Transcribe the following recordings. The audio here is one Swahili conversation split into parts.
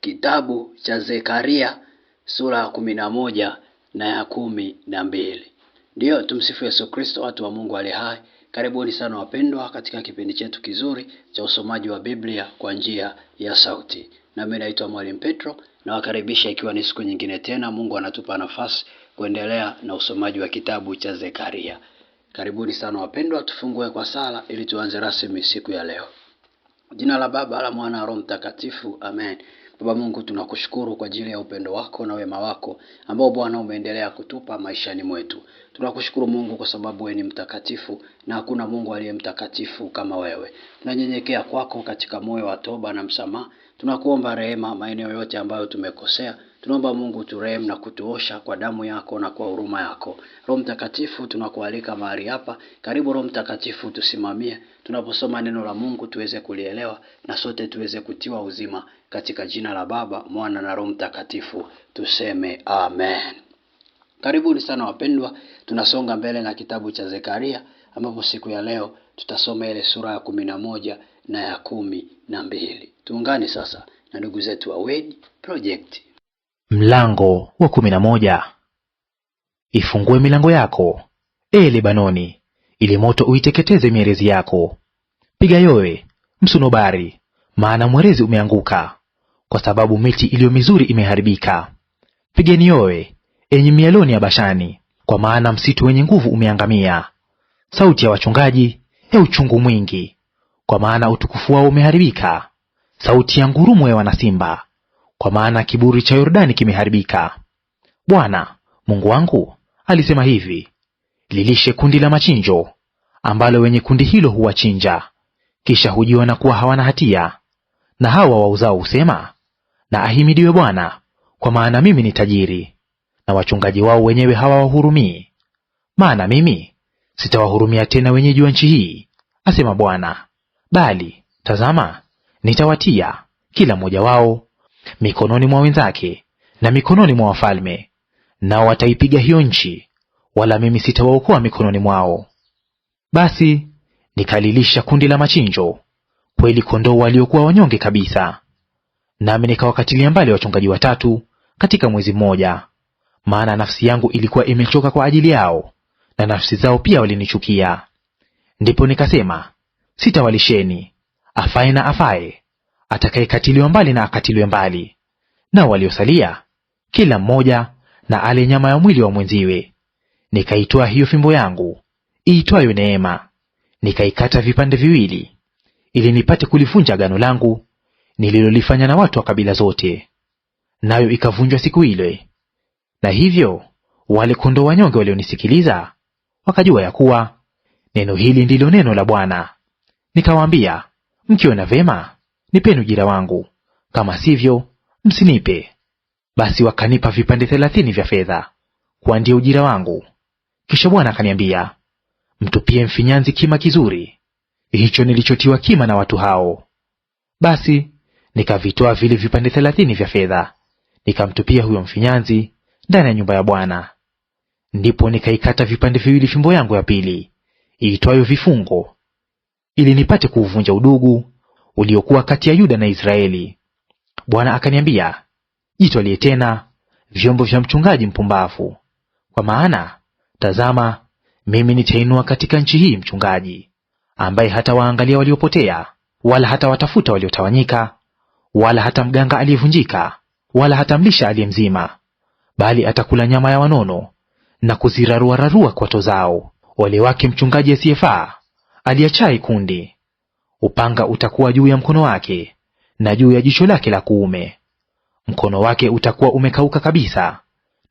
Kitabu cha Zekaria sura ya kumi na moja na ya kumi na mbili. Ndiyo, tumsifu Yesu Kristo, watu wa Mungu ali hai. Karibuni sana wapendwa, katika kipindi chetu kizuri cha usomaji wa Biblia kwa njia ya sauti. Nami naitwa Mwalimu Petro, nawakaribisha ikiwa ni siku nyingine tena Mungu anatupa nafasi kuendelea na usomaji wa kitabu cha Zekaria. Karibuni sana wapendwa, tufungue kwa sala ili tuanze rasmi siku ya leo. Jina la Baba la Mwana na Roho Mtakatifu, amen. Baba Mungu, tunakushukuru kwa ajili ya upendo wako na wema wako ambao Bwana umeendelea kutupa maishani mwetu. Tunakushukuru Mungu kwa sababu wewe ni mtakatifu na hakuna Mungu aliye mtakatifu kama wewe. Tunanyenyekea kwako katika moyo wa toba na msamaha. Tunakuomba rehema maeneo yote ambayo tumekosea Tunaomba Mungu turehemu na kutuosha kwa damu yako na kwa huruma yako. Roho Mtakatifu, tunakualika mahali hapa. Karibu Roho Mtakatifu, tusimamie tunaposoma neno la Mungu, tuweze kulielewa na sote tuweze kutiwa uzima, katika jina la Baba, Mwana na Roho Mtakatifu tuseme amen. Karibuni sana wapendwa, tunasonga mbele na kitabu cha Zekaria ambapo siku ya leo tutasoma ile sura ya kumi na moja na ya kumi na mbili. Tuungane sasa na ndugu zetu wa Word Project. Mlango wa kumi na moja. Ifungue milango yako, ee Lebanoni, ili moto uiteketeze mierezi yako. Piga yowe, msunobari, maana mwerezi umeanguka, kwa sababu miti iliyo mizuri imeharibika. Pigeni yowe, enyi mialoni ya Bashani, kwa maana msitu wenye nguvu umeangamia. Sauti ya wachungaji ya uchungu mwingi, kwa maana utukufu wao umeharibika, sauti ya ngurumo ya wanasimba kwa maana kiburi cha Yordani kimeharibika. Bwana Mungu wangu alisema hivi, lilishe kundi la machinjo ambalo wenye kundi hilo huwachinja, kisha hujiona kuwa hawana hatia, na hawa wauzao husema, na ahimidiwe Bwana, kwa maana mimi ni tajiri, na wachungaji wao wenyewe hawawahurumii. Maana mimi sitawahurumia tena wenyeji wa nchi hii, asema Bwana, bali tazama, nitawatia kila mmoja wao mikononi mwa wenzake na mikononi mwa wafalme, nao wataipiga hiyo nchi, wala mimi sitawaokoa mikononi mwao. Basi nikalilisha kundi la machinjo, kweli kondoo waliokuwa wanyonge kabisa. Nami nikawakatilia mbali wachungaji watatu katika mwezi mmoja, maana nafsi yangu ilikuwa imechoka kwa ajili yao, na nafsi zao pia walinichukia. Ndipo nikasema, sitawalisheni afaye na afaye, atakayekatiliwa mbali na akatiliwe mbali; nao waliosalia kila mmoja na ale nyama ya mwili wa mwenziwe. Nikaitoa hiyo fimbo yangu iitwayo neema, nikaikata vipande viwili, ili nipate kulivunja agano langu nililolifanya na watu wa kabila zote. Nayo ikavunjwa siku ile. Na hivyo wale kondoo wanyonge walionisikiliza wakajua ya kuwa neno hili ndilo neno la Bwana. Nikawaambia, mkiona vema nipeni ujira wangu; kama sivyo, msinipe. Basi wakanipa vipande thelathini vya fedha, kwa ndiyo ujira wangu. Kisha Bwana akaniambia, mtupie mfinyanzi kima kizuri, hicho nilichotiwa kima na watu hao. Basi nikavitoa vile vipande thelathini vya fedha, nikamtupia huyo mfinyanzi ndani ya nyumba ya Bwana. Ndipo nikaikata vipande viwili fimbo yangu ya pili iitwayo Vifungo, ili nipate kuuvunja udugu uliokuwa kati ya Yuda na Israeli. Bwana akaniambia, jitwalie tena vyombo vya mchungaji mpumbavu, kwa maana tazama, mimi nitainua katika nchi hii mchungaji, ambaye hatawaangalia waliopotea, wala hatawatafuta waliotawanyika, wala hata mganga aliyevunjika, wala hatamlisha aliyemzima, bali atakula nyama ya wanono na kuziraruararua kwato zao. Ole wake mchungaji asiyefaa aliachai kundi, Upanga utakuwa juu ya mkono wake na juu ya jicho lake la kuume; mkono wake utakuwa umekauka kabisa,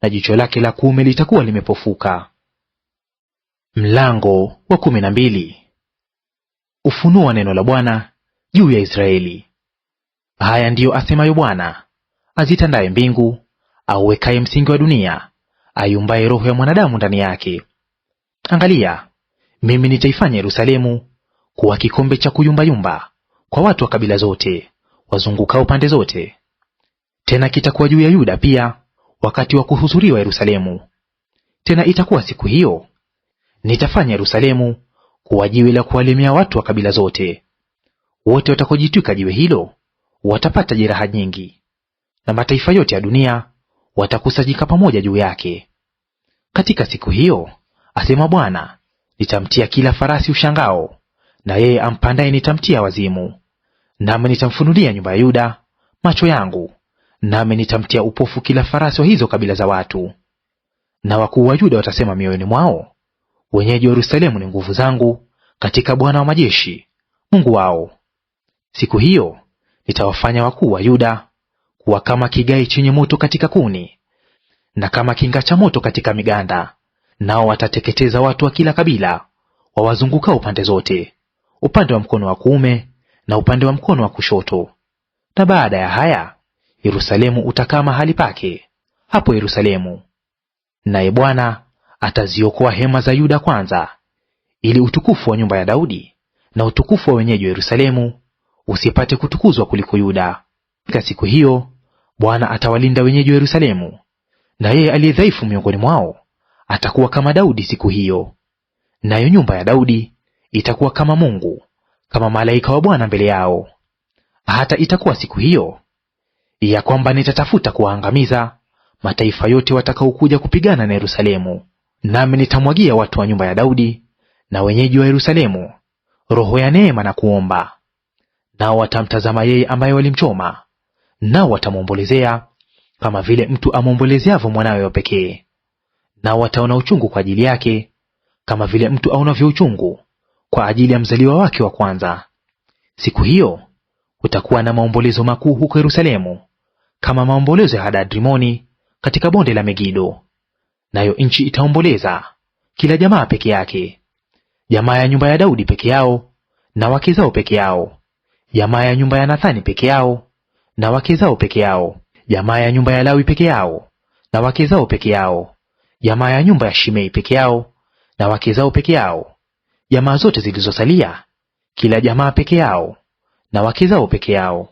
na jicho lake la kuume litakuwa limepofuka. Mlango wa kumi na mbili. neno la Bwana juu ya Israeli. Haya ndiyo asemayo Bwana azitandaye mbingu, auwekaye msingi wa dunia, ayumbaye roho ya mwanadamu ndani yake. Angalia, mimi nitaifanya Yerusalemu kuwa kikombe cha kuyumbayumba kwa watu wa kabila zote wazungukao pande zote. Tena kitakuwa juu ya Yuda pia wakati wa kuhudhuriwa Yerusalemu. Tena itakuwa siku hiyo, nitafanya Yerusalemu kuwa jiwe la kuwalemea watu wa kabila zote. Wote watakojitwika jiwe hilo watapata jeraha nyingi, na mataifa yote ya dunia watakusanyika pamoja juu yake. Katika siku hiyo, asema Bwana, nitamtia kila farasi ushangao na yeye ampandaye nitamtia wazimu. Nami nitamfunulia nyumba ya Yuda macho yangu, nami nitamtia upofu kila farasi wa hizo kabila za watu. Na wakuu wa Yuda watasema mioyoni mwao, wenyeji wa Yerusalemu ni nguvu zangu katika Bwana wa majeshi Mungu wao. Siku hiyo nitawafanya wakuu wa Yuda kuwa kama kigai chenye moto katika kuni na kama kinga cha moto katika miganda, nao watateketeza watu wa kila kabila wawazungukao pande zote upande wa mkono wa kuume na upande wa mkono wa kushoto. Na baada ya haya Yerusalemu utakaa mahali pake hapo Yerusalemu. Naye Bwana ataziokoa hema za Yuda kwanza, ili utukufu wa nyumba ya Daudi na utukufu wa wenyeji wa Yerusalemu usipate kutukuzwa kuliko Yuda. Katika siku hiyo Bwana atawalinda wenyeji wa Yerusalemu, na yeye aliye dhaifu miongoni mwao atakuwa kama Daudi siku hiyo, nayo nyumba ya Daudi itakuwa kama Mungu, kama malaika wa Bwana mbele yao. Hata itakuwa siku hiyo ya kwamba nitatafuta kuwaangamiza mataifa yote watakaokuja kupigana na Yerusalemu, nami nitamwagia watu wa nyumba ya Daudi na wenyeji wa Yerusalemu roho ya neema na kuomba. Nao watamtazama yeye ambaye walimchoma, nao watamwombolezea kama vile mtu amwombolezeavyo mwanawe wa pekee. Nao wataona uchungu kwa ajili yake, kama vile mtu aonavyo uchungu kwa ajili ya mzaliwa wake wa kwanza. Siku hiyo kutakuwa na maombolezo makuu huko Yerusalemu, kama maombolezo ya Hadadrimoni katika bonde la Megido. Nayo nchi itaomboleza, kila jamaa peke yake, jamaa ya nyumba ya Daudi peke yao na wake zao peke yao, jamaa ya nyumba ya Nathani peke yao na wake zao peke yao, jamaa ya nyumba ya Lawi peke yao na wake zao peke yao, jamaa ya nyumba ya Shimei peke yao na wake zao peke yao, jamaa zote zilizosalia, kila jamaa peke yao na wake zao peke yao,